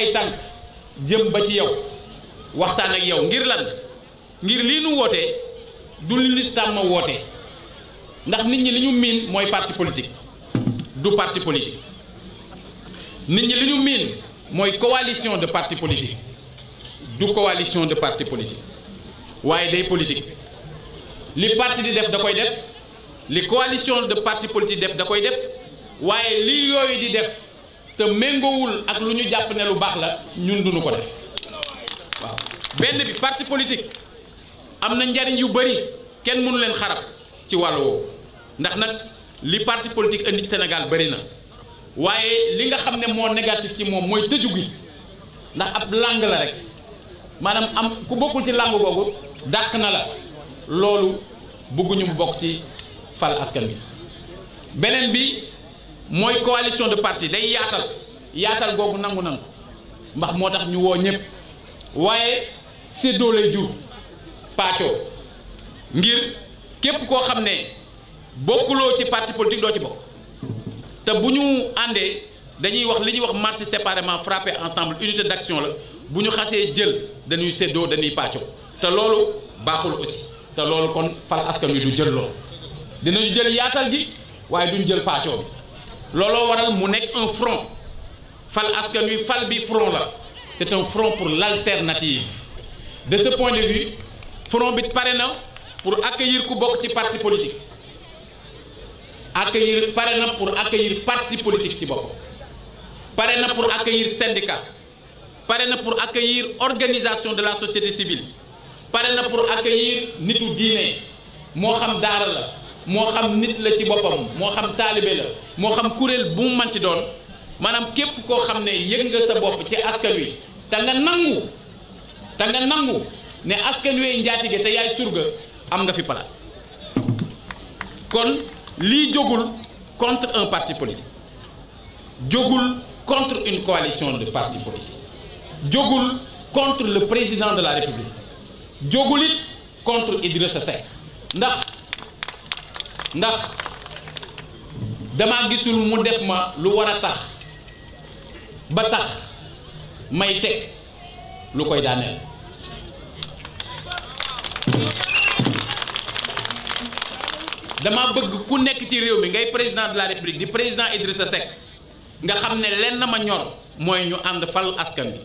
ay tànk jëm ba ci yow waxtaan ak yow ngir lan ngir lii nu woote du li nit tàmm woote ndax nit ñi li ñu miin mooy parti politique du parti politique nit ñi li ñu miin mooy coalition de parti politique du coalition de parti politique waaye day politique li parti di def da koy def li coalition de parti politique def da koy def waaye li yooyu di def te méngoowul ak lu ñu jàpp ne lu baax la ñun duñu ko def waaw benn bi parti politique am na njariñ yu bari kenn mënu leen xarab ci wàllu woowu ndax nag li parti politique indi senegal bari na waaye li nga xam ne moo négatif ci moom mooy tëju gi ndax ab langue la rek maanaam am ku bokkul ci langue boobu dàq na la loolu bëgguñu mu bokk ci fal askan bi beneen bi mooy coalition de parti day yaatal yaatal googu nangu nangu ndax moo tax ñu woo ñëpp waaye séddoo lay jur paccoo ngir képp koo xam ne bokkuloo ci parti politique doo ci bokk te bu ñu àndee dañuy wax li ñuy wax marcher séparément frapper ensemble unité d'action la bu ñu xasee jël dañuy séddoo dañuy paccoo te loolu baaxul aussi te loolu kon fal askan wi du jël loolu dinañu jël yaatal gi waaye duñ jël paccoo bi looloo waral mu nekk un front fal askan wi fal bi front la c'est un front pour l'alternative de ce point de vue front bi pare na pour accueillir ku bokk ci parti politique accueillir pare na pour accueillir parti politique ci boppam pare na pour accueillir syndicat pare na pour accueillir organisation de la société civile pare na pour accueillir nitu diine moo xam daara la moo xam nit la ci boppam moo xam taalibe la moo xam kuréel bu mu manti doon maanaam képp koo xam ne yëg nga sa bopp ci askan wi te nga nangu te nga nangu ne askan wi njaatige te yaay surga am nga fi place kon lii jógul contre un parti politique jógul contre une coalition de partis politiques jógul contre le président de la république jógul it contre Idrissa Seck ndax ndax dama gisul mu def ma lu war a tax ba tax may teg lu koy daaneel dama bëgg ku nekk ci réew mi ngay président de la république di président Idrissa Seck nga xam ne lenn ma ñor mooy ñu ànd fal askan bi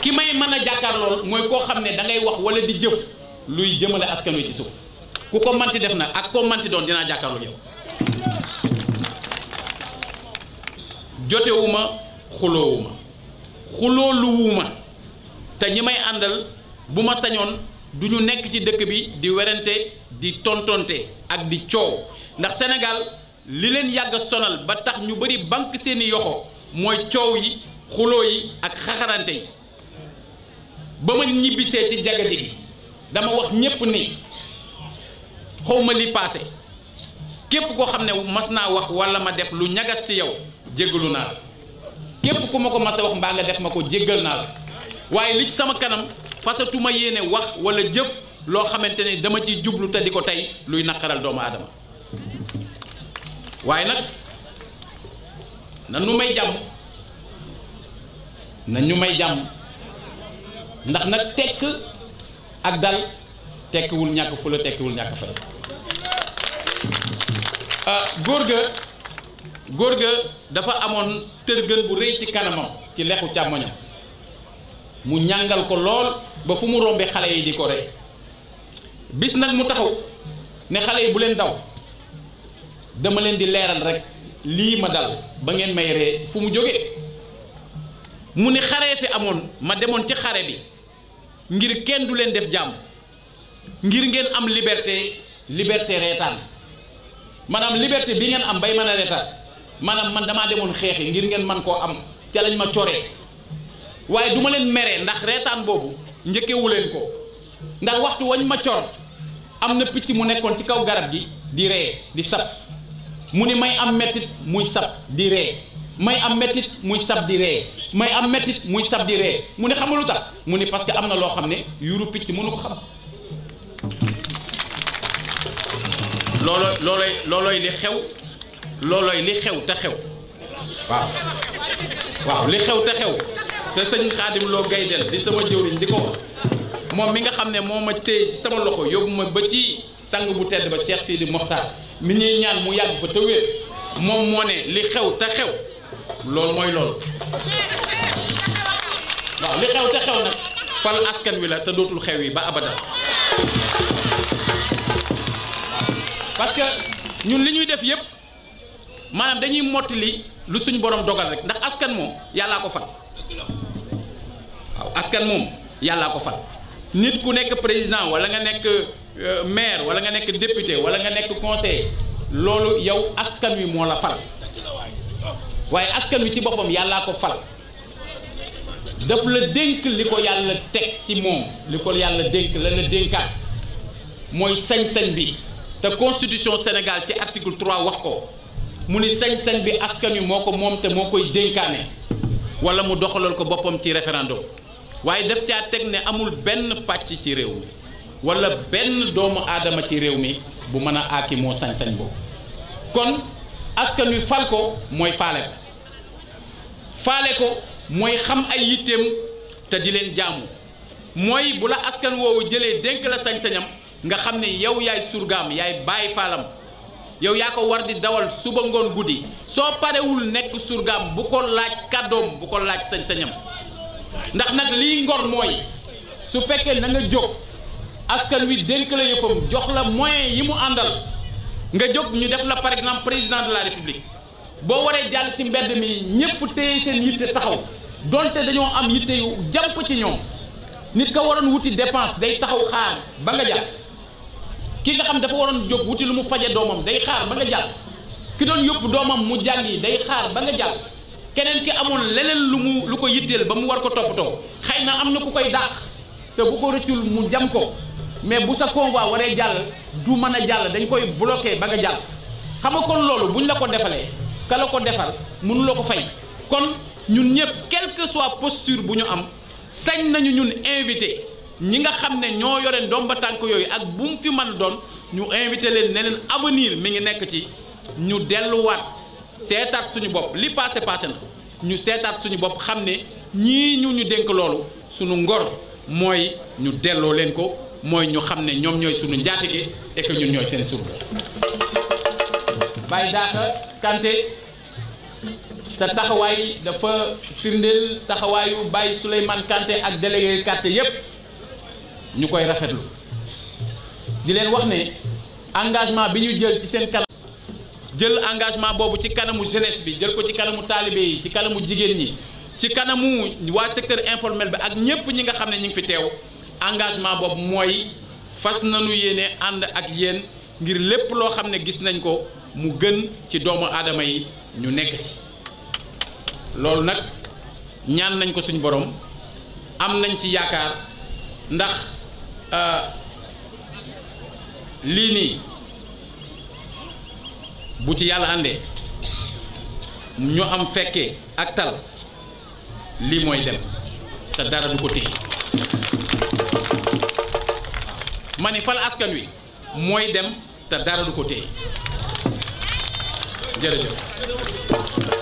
ki may mën a jàkkaarlool mooy koo xam ne dangay wax walla di jëf luy jëmale askan wi ci suuf ku ko manti def nag ak ko manti doon dinaa jàkkaarloo yow jotewuma xuloo xulooluwuma te ñi may àndal bu ma sañoon du ñu nekk ci dëkk bi di werante di tontonte ak di coow ndax senegal li leen yàgg sonal ba tax ñu bari banque seeni yoxo mooy coow yi xuloo yi ak xaxarante yi ba ma ñibbisee ci jagadi gi dama wax ñépp ni xawma li passé képp koo xam ne mas naa wax walla ma def lu ñagas ci yow jéggalu naa la képp ku ma ko mase wax mbaa nga def ma ko jéggal naa la waaye li ci sama kanam fasatuma yéene wax walla jëf loo xamante ne dama ci jublu te di ko tey luy naqaral doomu aadama waaye nag na nu may jàmm na ñu may jàmm ndax nag tekk ak dal tekkiwul ñàkk fula tekkiwul ñàkk fay ah, góor ga góor ga dafa amoon tërgën bu rëy ci kanamam ci lexu càmmoñam mu ñàngal ko lool ba fu mu rombe xale yi di ko rey bis nag mu taxaw ne xale yi bu leen daw dama leen di leeral rek lii ma dal ba ngeen may ree fu mu jógee mu ni xaree fi amoon ma demoon ci xare bi ngir kenn du leen def jàmm ngir ngeen am liberté liberté reetaan maanaam liberté bi ngeen am bay mën a reetaan maanaam man damaa demoon xeexe ngir ngeen man koo am ca lañ ma coree waaye du ma leen mere ndax reetaan boobu njëkkewu leen ko ndax waxtu wañ ma cor am na picc mu nekkoon ci kaw garab gi di ree di sab mu ni may am mettit muy sab di ree may am métit muy sab di ree may am métit muy sab di ree mu ne xamalu tax mu ni parce que am na loo xam ne yuru picc mënu ko xam loolooy loolooy loolooy li xew loolooy li xew te xew waaw li xew te xew te sëñ xaadim loo gaydel di sama jëwriñ di ko wax moom mi nga xam ne moo ma téye ci sama loxo yóbbu ma ba ci sang bu tedd ba Cheikh Sidi Mokhtar mi ñuy ñaan mu yàgg fa te moom moo ne li xew te xew loolu mooy loolu waaw li xew te xew nag falu askan wi la te dootul xew yi ba abada parce que ñun li ñuy def yépp maanaam dañuy mottali lu suñu borom dogal rek ndax askan moom yàllaa ko fat waaw askan moom yàllaa ko fat nit ku nekk président wala nga nekk euh, maire wala nga nekk député wala nga nekk conseiller loolu yow askan wi moo la fal waaye askan wi ci boppam yàllaa ko fal daf la dénk li ko yàlla teg ci moom li ko yàlla dénk la la dénkaat mooy sañ-sañ bi te constitution Sénégal ci article 3 wax ko mu ni sañ-sañ bi askan wi moo ko moom te moo koy dénkaane wala mu doxalal ko boppam ci référendum waaye daf ca teg ne amul benn pàcc ci réew mi wala benn doomu aadama ci réew mi bu mën a aaki moo sañ-sañ boobu kon askan wi fal ko mooy faale ko faale ko mooy xam ay yitteem te di leen jaamu mooy bu la askan woowu jëlee dénk la sañ-sañam nga xam ne yow yaay surgaam yaay bàyyi faalam yow yaa ko war di dawal suba ngoon guddi soo parewul nekk surgaam bu ko laaj kàddoom bu ko laaj sañ-sañam ndax nag lii ngor mooy su fekkee na nga jóg askan wi dénk la yëfam jox la moyen yi mu àndal nga jóg ñu def la par exemple président de la république boo waree jàll ci mbedd mi ñëpp teye seen yitte taxaw donte dañoo am yitte yu jàpp ci ñoom nit ka waroon wuti dépense day taxaw xaar ba nga jàll ki nga xam dafa waroon jóg wuti lu mu faje doomam day xaar ba nga jàll ki doon yóbbu doomam mu yi day xaar ba nga jàll keneen ki amoon leneen lu mu lu ko yitteel ba mu war ko toppatoo xëy na am na ku koy dàq te bu ko rëccul mu jam ko mais bu sa convoi waree jàll du mën a jàll dañ koy bloqué ba nga jàll xam nga kon loolu buñ la ko defalee. ka la ko defal mënu ko fay kon ñun ñëpp quelle que soit posture bu ñu am sañ nañu ñun invité ñi nga xam ne ñoo yore ndomba tànk yooyu ak bu mu fi man doon ñu invité leen ne leen avenir mi ngi nekk ci ñu delluwaat seetaat suñu bopp li passé passé na ñu seetaat suñu bopp xam ne ñii ñu ñu dénk loolu sunu ngor mooy ñu delloo leen ko mooy ñu xam ne ñoom ñooy suñu njaatige et que ñun ñooy seen surga Baye Daaka Kanté sa taxawaay dafa firndeel taxawaayu Baye Souleymane Kanté ak délégué quartier yépp ñu koy rafetlu di leen wax ne engagement bi ñu jël ci seen kanam jël engagement boobu ci kanamu jeunesse bi jël ko ci kanamu taalibe yi ci kanamu jigéen ñi ci kanamu waa secteur informel bi ak ñépp ñi nga xam ne ñu ngi fi teew engagement boobu mooy fas nañu yéene ànd ak yéen ngir lépp loo xam ne gis nañ ko mu gën ci doomu aadama yi ñu nekk ci loolu nag ñaan nañ ko suñ boroom am nañ ci yaakaar ndax euh, lii nii bu ci yàlla àndee ñu am fekkee ak tal lii mooy dem te dara du ko téye ma fal askan wi mooy dem te dara du ko téye jërëjëf